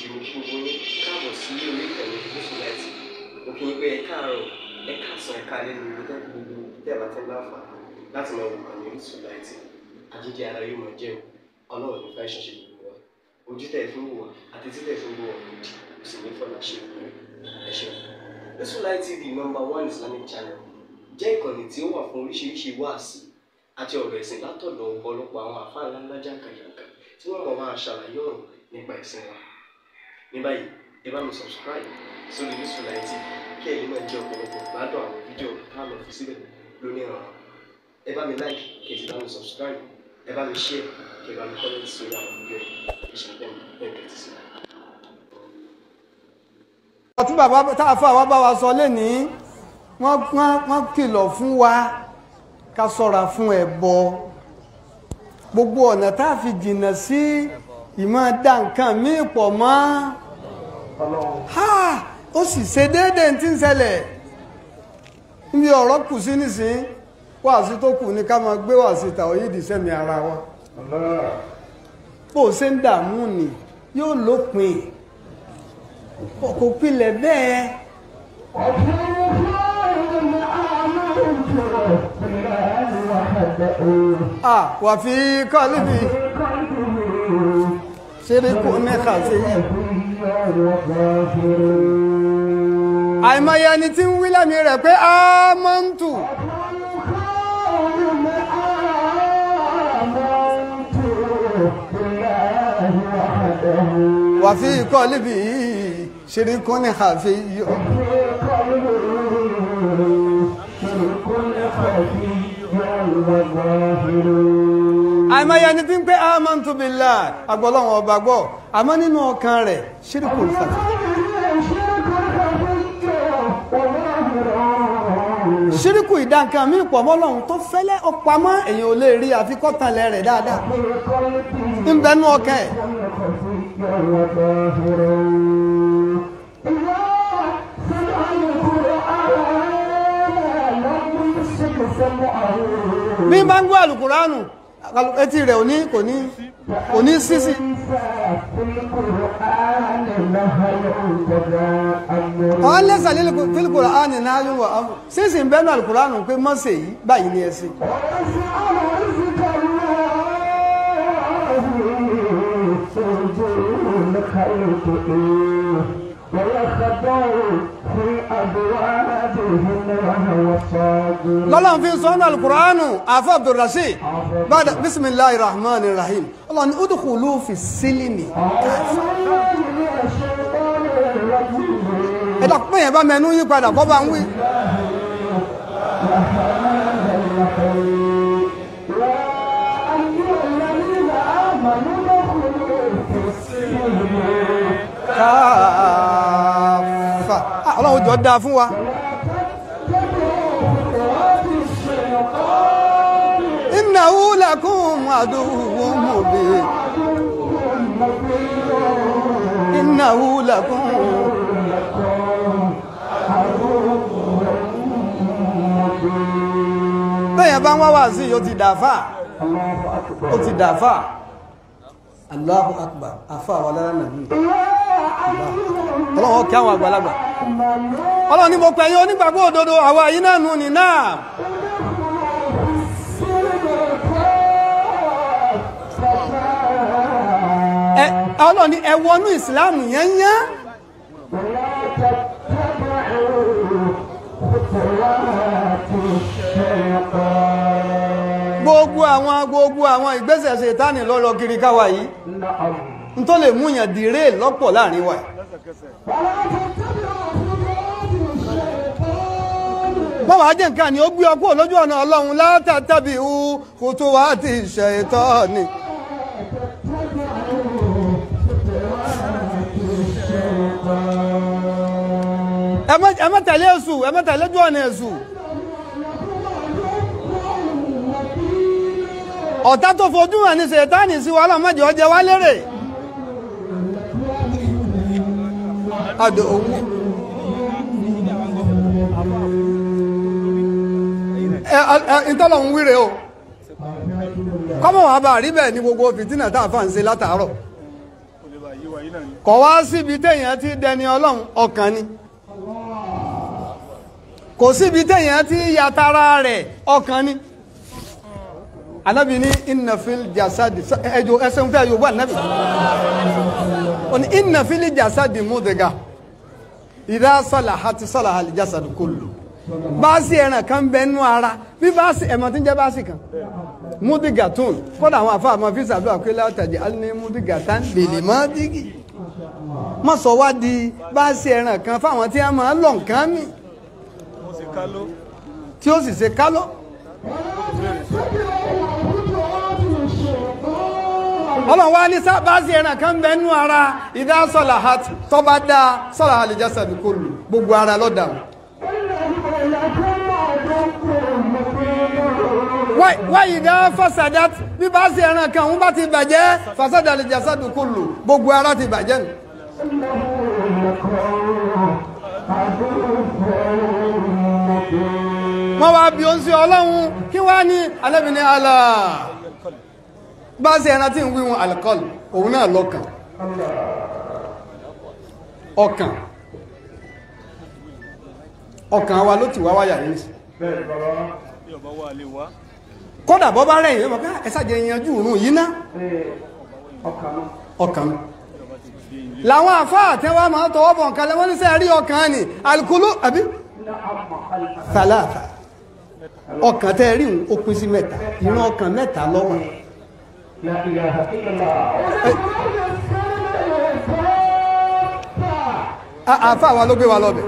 kejì mo kí gbogbo yín káàbọ̀ sí orí ìtẹ̀wé gúúsù láti mo kí yín pé ẹ káàárọ̀ ẹ káàsán ẹ káàlẹ́ lórí ibi tẹ́kù gbogbo tẹ́ bá tẹ́ bá fà láti máa wò kàní gúúsù láti àjíjẹ ara yóò máa jẹun ọlọ́run nípa ìṣẹ̀ṣẹ̀ gbogbo wa ojú tẹ̀ fún wò àti títẹ̀ fún wò ọ̀rọ̀ òdì kò sì ní fọlá ṣe ẹ ṣeun. gúúsù láti TV number one Islamic channel jẹ́ ìkànnì tí ó wà fún oríṣiríṣi wáàsí àti ọ̀rọ̀ ẹ̀sìn látọ̀dọ̀ ọ̀pọ̀lọpọ̀ àwọn àfáà ńláńlá jàǹkàjàǹkà tí wọ́n mọ̀ máa ṣàlàyé ọ̀rọ̀ nípa ẹ̀sìn wa ní báyìí ẹ bá mi subscribe sórí Lutifullahi TV kí ẹ̀yin máa jẹ ọ̀pọ̀lọpọ̀ gbádùn àwọn fídíò táwọn fi síbẹ̀ lónìí ràn ẹ bá mi like kí ẹ sì bá mi subscribe ẹ bá mi share kí ẹ bá mi comment sórí àwọn fídíò ìṣẹ̀lẹ̀ ẹ̀ẹ́dẹ̀ ti sí. ọtún bàbá tá a fọ àwa bá wa sọ lénìí wọ́n kìlọ̀ fún wa ká sọ̀ra fún ẹbọ gbogbo ọ̀nà tá a fi jìnnà sí ìmọ̀ dá nǹkan míì pọ̀ mọ́ ha ó sì ṣe déédéé tí ń ṣẹlẹ̀ níbi ọ̀rọ̀ kù sí nìsín wàásù tó kù ní ká máa gbé wàásù tàwọn yìí dì sẹ́mi ara wa bó ṣe ń dààmú ni yóò lópin kò pilẹ̀ bẹ́ẹ̀. ah wà fi kọ́líbì ṣeré kò ní kà sí yìí àìmọye ẹni tí ń wí lẹ́mi rẹ̀ pé ámọ́ntù. wàfi ikọ̀ níbi ṣeré kún ní àfi yọ. Thank you àìmọye ẹni tí ń pé amantu billah agbọ́lọ́wọ́n ọba gbọ́ àmọ́ nínú ọkàn rẹ̀ ṣírìkù fàtí. ṣírìkù ìdánkan mí pọ̀ mọ́lọ́hún tó fẹ́lẹ́ ọ̀pamọ́ èyàn ò lè rí àfikọ́tànlẹ̀ rẹ̀ dáadáa ń ọkàn ẹ̀. bí n ń gbọ́ àlùkùránù etí rẹ̀ ò ní kò ní kò ní sísì. ọ̀hún lẹ́sà fílíkùrù àánì náà yóò wà áwọ̀ sísì ń bẹ́ẹ̀ náà Al-Kùránì pé mọ́sẹ̀ yìí báyìí ni ẹ sí. ويخضعوا في أبواب lọ́lọ́n fi sọ́nà alkùránù afọ́ abdulrasheed bada bisimilahi rahman rahim Allah ni udkhulu fi sílìmì káfà ẹ̀dà pín yẹn bá mẹ́nu yí padà kọ́ bá ń wí. káfà ah, ọlọ́run jọ dáa fún wa. إنه لكم عدو مبين إنه لكم bẹ́ẹ̀ bá wọ́n wá sí yóò ti dàáfà ó ti dàáfà Allahu Akbar àfà wà lára nàbí ọlọ́wọ́ kí àwọn àgbàlagbà ọlọ́ni mo pẹ̀yìn onígbàgbọ́ òdodo àwa yìí nù ní náà ọlọ́ni ẹ wọnú ìsìláàmù yẹn gbogbo àwọn gbogbo àwọn ìgbésẹ̀ ṣètánì lọ́lọ́ kiri káwa yìí n tó lè mú yàn di réè lọ́pọ̀ láàrin wa. bọ́wọ́ ajé nǹkan ni ó gbé lójú ọ̀nà ọlọ́run látàtàbí ti ni. ẹ má tẹ̀lé èṣù ẹ má tẹ̀lé ojú ọ̀nà èṣù. ọ̀tá tó fojú hàn ní ṣètánì sí wa ọlọ́mọdé ọjẹ́ wa lérè. àdó owó. ẹ ẹ ìtọ́lọ̀ ń wíre o kọ́mọ̀ wá bá rí bẹ́ẹ̀ ni gbogbo fìtínà tá a fà ń ṣe látàárọ̀ kọ̀ wá síbi téèyàn ti dẹni ọlọ́run ọkàn ni kò síbi téèyàn ti ya tara rẹ̀ ọkàn ni anabi ni innafil jasadi ẹjọ ẹsẹ nfẹ yorùbá anabi oni innafil jasadi mudega ìdá salahati salahali jasadi kullu baasi ẹran kan bẹ nínú ara bí baasi ẹ̀mọ́ tí ń jẹ́ baasi kan mudiga tún kódà àwọn afa àmọ́ fi sàdúrà pé látàjì alẹ́ mudiga tán lèlè má digi má sọ wá di baasi ẹran kan fáwọn tí a máa lọ nǹkan mìíràn tí ó sì ṣe kálọ́. ọlọ́run wá ní sábàásì ẹran kan bẹ nú ara ìdá sọ̀là hat tọ́ba dá sọ̀là àlejàsà bí kò lù gbogbo ara lọ́dà. wáyé dá fàṣàdá bí bá ṣe ẹran kan òun bá ti bàjẹ́ fàṣàdá àlejàsà bí kò lù gbogbo ara ti bàjẹ́ nù wọ́n wá bí ó ń sí ọlọ́run kí wá ní alẹ́bìn ní alá ẹran tí ń wíwọn alkọl òun náà lọ́kàn ọkàn ọkàn wa ló ti wá wáyà yìí kódà bọ́ bá rẹ̀ yìí ah, ẹ̀sàjẹ̀ ìyanjú òun yìí ná ọkàn làwọn àfáà tẹ́wàá máa tọwọ́ bọ̀ nǹkan lẹ́wọ́n ní sẹ́ẹ̀rí ọkàn ni alkulu àbí thalatha ọkàn tẹ́ rí ó pín sí mẹ́ta ìran ọkàn mẹ́ta lọ́wọ́ àfà wa ló gbé wa lọ́bẹ̀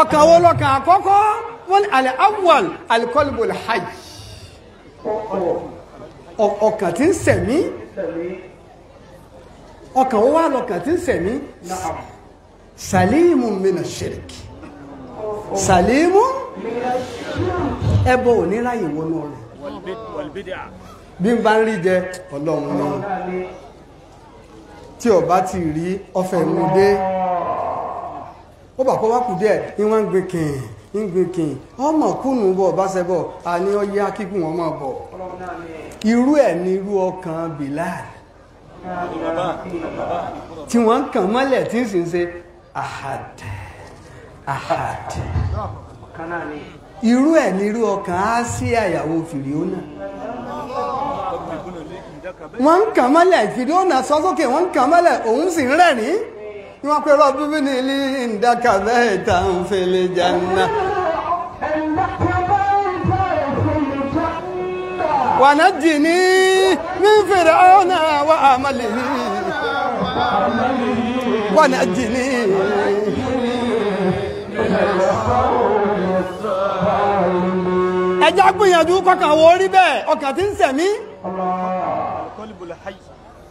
ọkàn wo lọ́kàn àkọ́kọ́ wọ́n alẹ́ awwal alikọ́lùbọ̀lù hajj ọkàn tí ń sẹ̀mí ọkàn ó wà lọ́kàn tí ń sẹ̀mí sàlímù mina ṣìrìkì Salimu? ẹbọ ò ní ráyè wọnú rẹ̀ bí n bá ń rí jẹ ọlọ́run náà tí ọba ti rí ọfẹ mú dé ó bà kó wá kù díẹ̀ ni wọ́n ń gbé kìnnì ń gbé kìnnì ọmọ kùnú bọ̀ bá ṣẹbọ̀ àní ọyẹ akíkùn ọmọ bọ̀ irú ẹ̀ ní irú ọkàn Bilal tí wọn ń kàn mọ́lẹ̀ tí ń sì ń ṣe ahad ahad irú ẹ̀ ní ọkàn á sí àyàwó fìrìónà wọn ń kàn mọ́lẹ̀ fìrìónà sọ sókè wọ́n kàn mọ́lẹ̀ òun sì ń rẹ̀rín ni wọn pe rọ́bíbí ní ilé ìdákàbẹ́ ìtàn fèlè jẹ́ náà. ونجني من فرعون وعمله ونجني ẹjá gbìyànjú kọkàn wo rí bẹ́ẹ̀ ọkàn tí ń sẹ̀mí.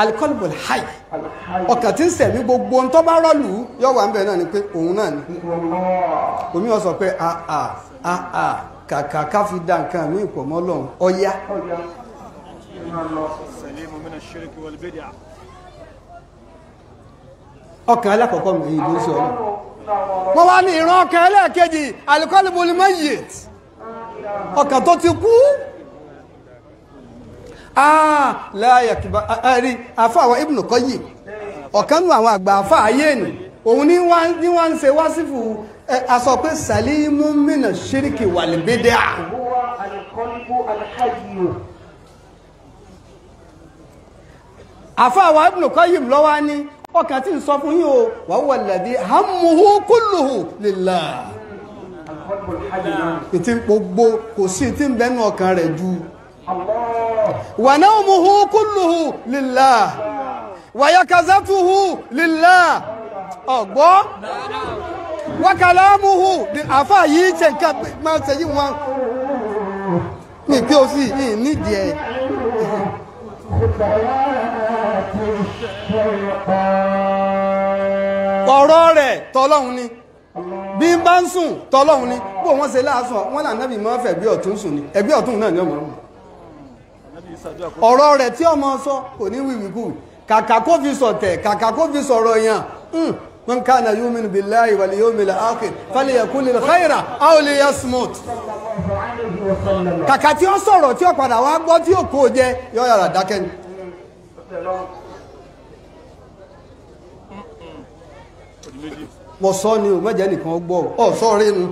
alikọlibul hayi ọkàn tí ń sẹ̀mí gbogbo ntọ́ bá rọ́ọ̀lù yọ̀ wà ń bẹ̀ náà ni pé òun náà ni omi ọ̀ sọ pé a ah, a ah, a ah, a kàkà ká fi da nǹkan mi pọ̀ mọ́ lọ́hùn ọ̀yá. ọkàn alákọ̀ọ́kọ́ mi èyí ló ń sọ ọ́ wọ́n wá ní ìran ọkàn ẹlẹ́ẹ̀kejì alikọ́lùmọ́ ni mayyit ọkàn tó ti kú ah, láyàkìbá ah, ẹ̀rí àfàwọ̀ Ibn Qayyim ọ̀kan nù àwọn àgbà àfà ayé ni òun ní wá ń ṣe wá sífù a sọ pé salimu mina shiriki walibidea. àfa wa Ibn Qayyim lọ́wọ́ ni ọkàn tí ń sọ fún yín o wa huwa alladhi hammuhu kulluhu lillah. ìtì gbogbo kò sí ìtì bẹnu ọkàn rẹ̀ ju. wa nawmuhu kulluhu lillah wa yakazatuhu lillah wakalamuhu afa yìí ṣe nǹkan máa ń ṣe yìí wọn mi gbé o sí yìí nídìí ẹ. ọ̀rọ̀ rẹ̀ tọ́lọ́hún ni bí n bá ń sùn tọ́lọ́hún ni bó wọ́n ṣe láàásọ wọ́n là nábì máa fẹ̀ bí ọ̀tún sùn ni ẹ̀bí ọ̀tún náà ni ọmọ rẹ̀ ọ̀rọ̀ rẹ̀ tí ọmọ sọ kò ní wíwíkú kàkà kó fi sọ̀tẹ̀ kàkà kó fi sọ̀rọ̀ yàn hmm. من كان يؤمن بالله واليوم الآخر فليقل الخير أو ليصمت kàkà tí ó sọ̀rọ̀ tí ó padà wá gbọ́ tí ó kó jẹ yọ yàrá dákẹ́ ni. mo sọ ni o mẹ́jẹ nìkan gbọ́ ọ sọ́ọ̀rẹ́ nu.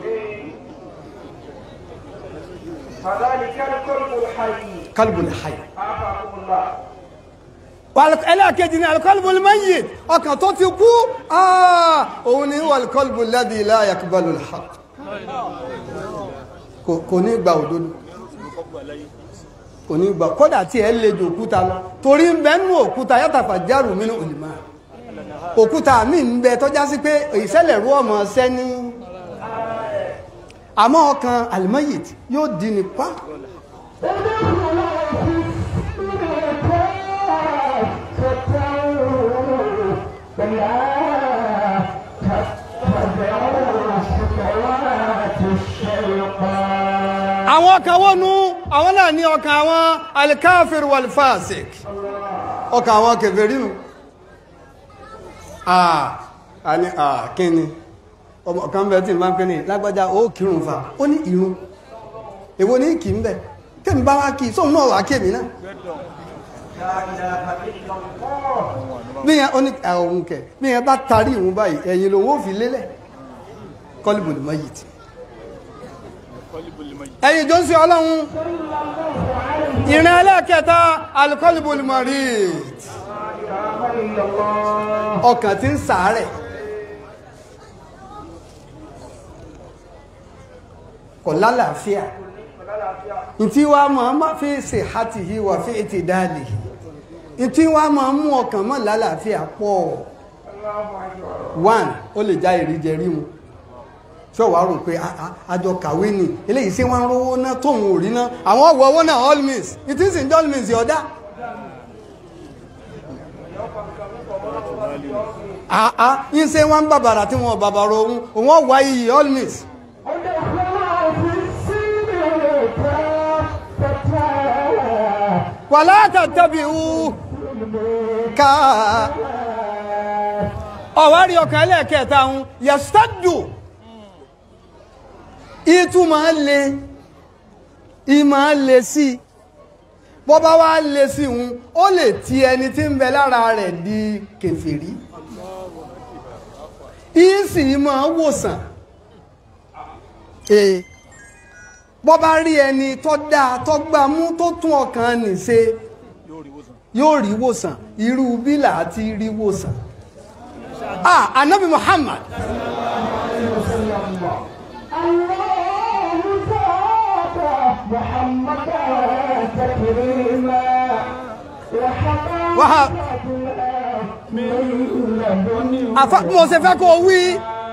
kálíbù ni hayi ẹlẹ́ẹ̀kejì ni alikọ́lùbùl mayyit ọkàn tó ti kú ah, òun ni alikọ́lùbùl ladhi la yaqbalul haqq kò ní gba òdodo kò ní gba kódà tí ẹ lè jò òkúta lọ torí ń bẹ nínú òkúta yatafajjaru minhu al-ma òkúta mi ń bẹ tọ́já sí pé ìṣẹ̀lẹ̀ rú ọmọ sẹ́ni àmọ́ ọkàn al yóò di nípa. àwọn kan nu àwọn náà ní ọkàn àwọn alikafir walfasik ọkàn àwọn kẹfẹ́rí nù àní àkíní ọmọ kan bẹ tí n bá ń pè ní lágbájá ó kírun fa ó ní ìrun èwo ní kì ń bẹ tẹ́mi bá wá kí sóun náà wá kémi náà bí yẹn kẹ bí bá tarí ìrun báyìí ẹ̀yìn lòun ó fi lélẹ̀ kọ́líbùlù mọ́yìí tì ẹ̀yin tó ń sin ọlọ́run ìrìn ẹlẹ́ẹ̀kẹta alikọ́lùbùlù marid ọkàn tí ń sàárẹ̀ kò lálàáfíà ntí wa máa má fi ṣe hàtìhí wà fi ètè dáàlì ntí wa máa mú ọkàn mọ́ lálàáfíà pọ̀ one ó lè já ìrìjẹ rí mu ṣé wàá rò pé ah, ah, àjọ kàwé ni eléyìí ṣé wọ́n ń rówó ná tóun ò rí ná àwọn ọ̀wọ́ owó náà all means it is in all means yọ̀ọ́dá. àá ah, ń ṣe wọ́n ń bàbàrà tí wọ́n bàbàrà òun òun ọ̀wá iyì all means. wàlá tàbí wú ká ọ̀wárí ọkàn ẹlẹ́ẹ̀kẹta ń yẹ sẹ́dù ìtú máa ń le ìmọ̀ ń le sí i bó bá wá le sí òun ó lè ti ẹni tí ń bẹ lára rẹ̀ di kèfèrí ìsì máa wòsàn eh, bó bá rí ẹni tó dáa tó gbámú tó tún ọkàn nì ṣe yóò rí wòsàn irú bílà ti rí wòsàn. ah anabi Muhammad. محمدا تكريما وحقا àfa mo ṣe fẹ́ kó o wí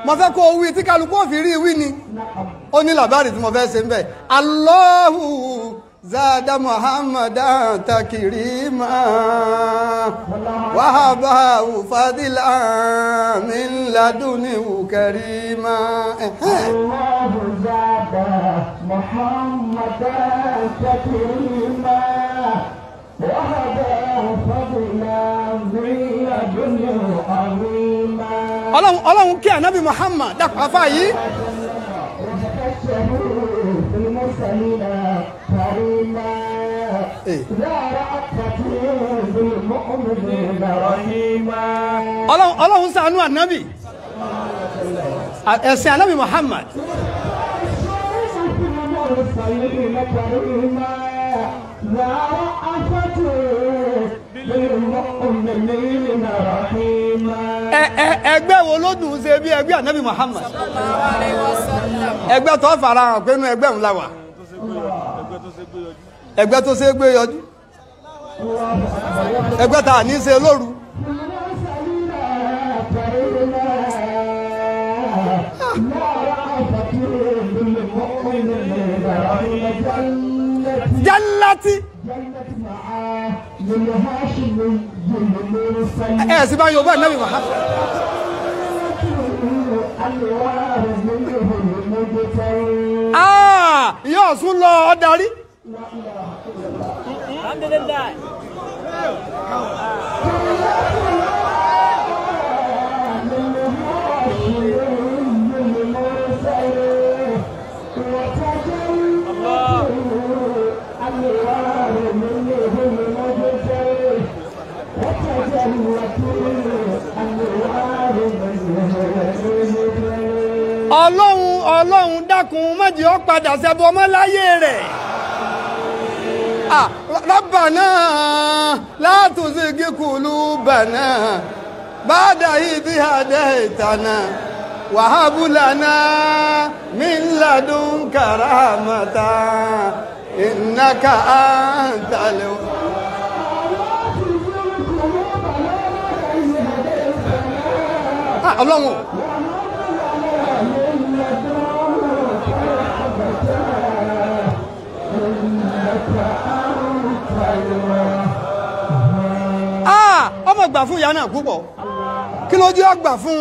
mo fẹ́ ko wi. wí tí kálukú ri wi ni ó ní làbárì tí mo fẹ́ ṣe ń bẹ̀ alọ́hù zada muhammadan takirima wahaba fadila min laduni karima. Allahu zada muhammadan. محمدا تكريما وهذا فضلا ذي اجر عظيما ọlọ́run ọlọ́run kí ànábì muhammad dàpọ̀ afá yìí. ọlọ́run ọlọ́run ṣàánú ànábì ẹ̀sìn ànábì muhammad. egbe كريما ذا رأفة egbe رحيما ẹgbẹ́ wo ló dùn ṣe bí ẹgbẹ́ Muhammad ẹgbẹ́ tó fara hàn pé inú ẹgbẹ́ ńlá wà ẹgbẹ́ tó ṣe gbé yọjú ẹgbẹ́ jannati. ẹ ẹ sì bá yorùbá náà wà. ìyá ọ̀sùn lọ ọ darí. alhamdulillah. ọlọ́run ọlọ́run dákun mọ́jì ó padà ṣẹbọ mọ́ láyé rẹ̀ rabbana la tuzigh qulubana ba'da idh hadaytana wa hab lana min kàrà rahmatan. إنك أنت ọlọ́run ọmọ gbà fún ìyá náà púpọ̀ kí ló jẹ́ ọgbà fún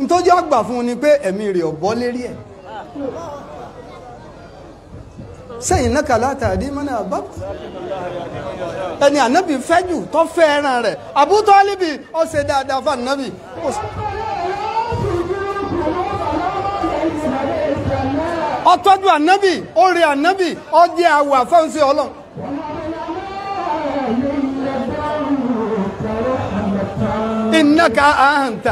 un tó jẹ́ ọgbà fún un ni pé ẹ̀mí rẹ̀ ọ̀bọ lérí ẹ̀ sẹ́yìn náà kàlá àtàdé mọ́nà àbábọ̀ ẹni ànábì fẹ́jù tó fẹ́ ẹran rẹ̀ àbútọ́líbì ó ṣe dáadáa fún ànábì. ó tọ́jú ànábì ó rí ànábì ó jẹ́ àwọ̀ àfẹ́hùnsí ọlọ́run. إنك أنت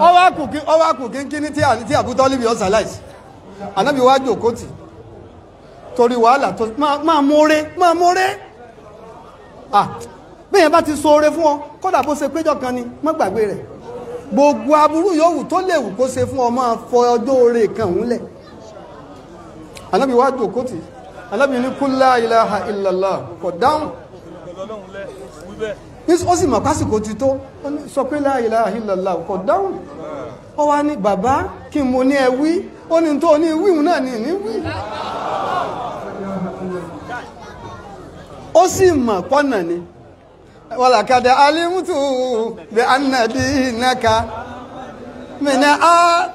ọwọ́ kù kínkínní tí àbútọ́líbi ọ̀sán láìsí ànábì wá jókòó tì torí wàhálà tó máa mórè máa mórè bẹ́ẹ̀ bá ti ṣoore fún ọ kódà bó ṣe péjọ kan ni má gbàgbé rẹ̀ gbogbo aburú yòówù tó léwu kó ṣe fún ọ máa fọ ọjọ́ oore kan òun lẹ̀ ànábì wá jókòó tì ànábì ní kúlá ilaha illallah kò dáhùn ó sì mọ̀ pásìkò ti tó sọ pé la ilaha illallah kò dáhùn ó wá ní bàbá kí mo ní ẹ wí ó ní tó ní wíhùn náà ní ní wí ó sì mọ̀ pọ́nà ni wàlàkàdà alimutu bí anadi naka mìíràn á.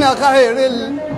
من خير